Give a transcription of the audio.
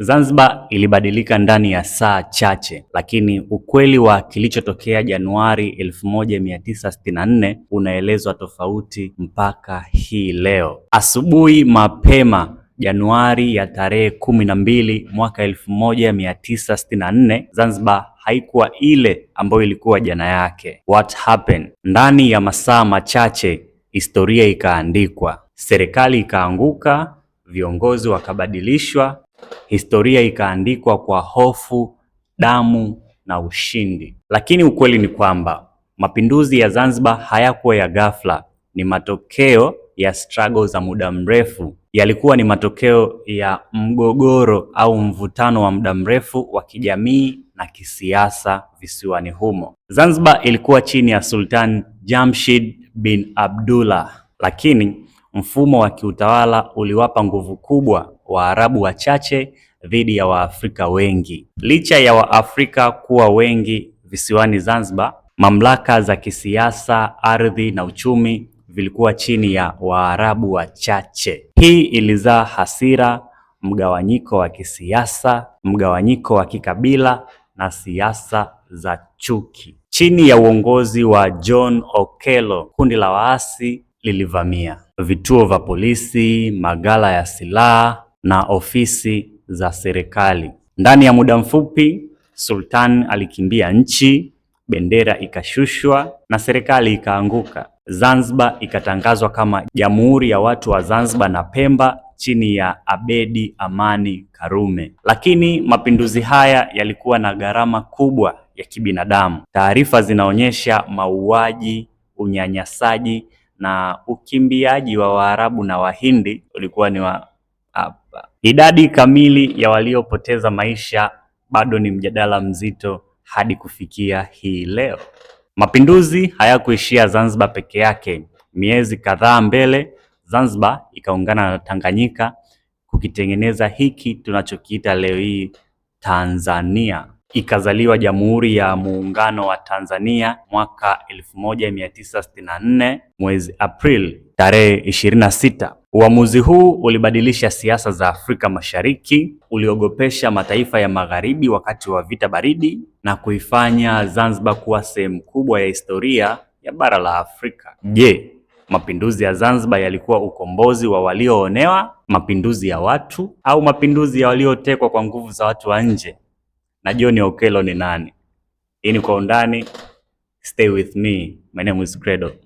Zanzibar ilibadilika ndani ya saa chache, lakini ukweli wa kilichotokea Januari 1964 unaelezwa tofauti mpaka hii leo. Asubuhi mapema Januari ya tarehe kumi na mbili mwaka 1964 Zanzibar haikuwa ile ambayo ilikuwa jana yake. What happened? Ndani ya masaa machache historia ikaandikwa, serikali ikaanguka, viongozi wakabadilishwa Historia ikaandikwa kwa hofu, damu na ushindi. Lakini ukweli ni kwamba mapinduzi ya Zanzibar hayakuwa ya ghafla, ni matokeo ya struggle za muda mrefu. Yalikuwa ni matokeo ya mgogoro au mvutano wa muda mrefu wa kijamii na kisiasa visiwani humo. Zanzibar ilikuwa chini ya Sultan Jamshid bin Abdullah, lakini mfumo wa kiutawala uliwapa nguvu kubwa Waarabu wachache dhidi ya Waafrika wengi. Licha ya Waafrika kuwa wengi visiwani Zanzibar, mamlaka za kisiasa, ardhi na uchumi vilikuwa chini ya Waarabu wachache. Hii ilizaa hasira, mgawanyiko wa kisiasa, mgawanyiko wa kikabila na siasa za chuki. Chini ya uongozi wa John Okello, kundi la waasi lilivamia vituo vya polisi, magala ya silaha na ofisi za serikali. Ndani ya muda mfupi, Sultan alikimbia nchi, bendera ikashushwa na serikali ikaanguka. Zanzibar ikatangazwa kama Jamhuri ya Watu wa Zanzibar na Pemba chini ya Abedi Amani Karume. Lakini mapinduzi haya yalikuwa na gharama kubwa ya kibinadamu. Taarifa zinaonyesha mauaji, unyanyasaji na ukimbiaji wa Waarabu na Wahindi ulikuwa ni wa Idadi kamili ya waliopoteza maisha bado ni mjadala mzito hadi kufikia hii leo. Mapinduzi hayakuishia Zanzibar peke yake. Miezi kadhaa mbele, Zanzibar ikaungana na Tanganyika kukitengeneza hiki tunachokiita leo hii Tanzania. Ikazaliwa Jamhuri ya Muungano wa Tanzania mwaka 1964 mwezi Aprili tarehe 26. Uamuzi huu ulibadilisha siasa za Afrika Mashariki, uliogopesha mataifa ya Magharibi wakati wa vita baridi na kuifanya Zanzibar kuwa sehemu kubwa ya historia ya bara la Afrika. Je, mapinduzi ya Zanzibar yalikuwa ukombozi wa walioonewa, mapinduzi ya watu au mapinduzi ya waliotekwa kwa nguvu za watu wa nje? Na John Okello ni nani? Hii ni kwa undani. Stay with me. My name is Credo.